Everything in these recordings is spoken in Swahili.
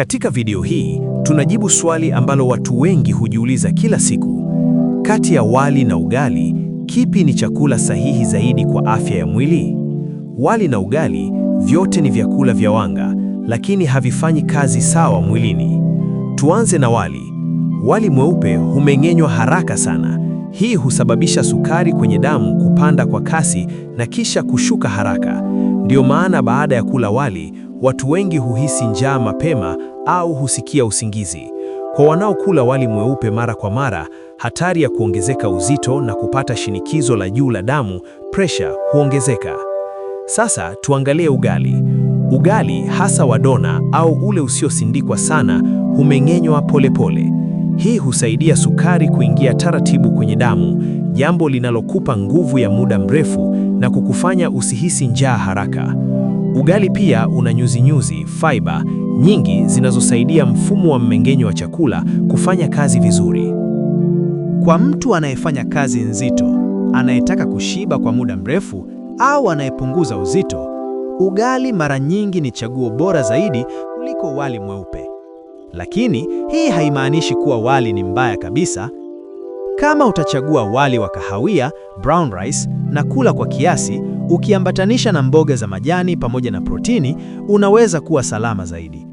Katika video hii tunajibu swali ambalo watu wengi hujiuliza kila siku: kati ya wali na ugali, kipi ni chakula sahihi zaidi kwa afya ya mwili? Wali na ugali vyote ni vyakula vya wanga, lakini havifanyi kazi sawa mwilini. Tuanze na wali. Wali mweupe humeng'enywa haraka sana. Hii husababisha sukari kwenye damu kupanda kwa kasi na kisha kushuka haraka. Ndiyo maana baada ya kula wali Watu wengi huhisi njaa mapema au husikia usingizi. Kwa wanaokula wali mweupe mara kwa mara, hatari ya kuongezeka uzito na kupata shinikizo la juu la damu, pressure, huongezeka. Sasa tuangalie ugali. Ugali hasa wa dona au ule usiosindikwa sana humeng'enywa polepole. Hii husaidia sukari kuingia taratibu kwenye damu, jambo linalokupa nguvu ya muda mrefu na kukufanya usihisi njaa haraka. Ugali pia una nyuzinyuzi fiber nyingi zinazosaidia mfumo wa mmeng'enyo wa chakula kufanya kazi vizuri. Kwa mtu anayefanya kazi nzito, anayetaka kushiba kwa muda mrefu au anayepunguza uzito, ugali mara nyingi ni chaguo bora zaidi kuliko wali mweupe. Lakini hii haimaanishi kuwa wali ni mbaya kabisa. Kama utachagua wali wa kahawia brown rice na kula kwa kiasi, Ukiambatanisha na mboga za majani pamoja na protini, unaweza kuwa salama zaidi.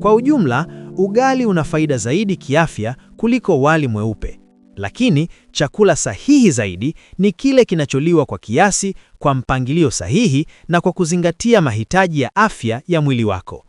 Kwa ujumla, ugali una faida zaidi kiafya kuliko wali mweupe. Lakini chakula sahihi zaidi ni kile kinacholiwa kwa kiasi, kwa mpangilio sahihi na kwa kuzingatia mahitaji ya afya ya mwili wako.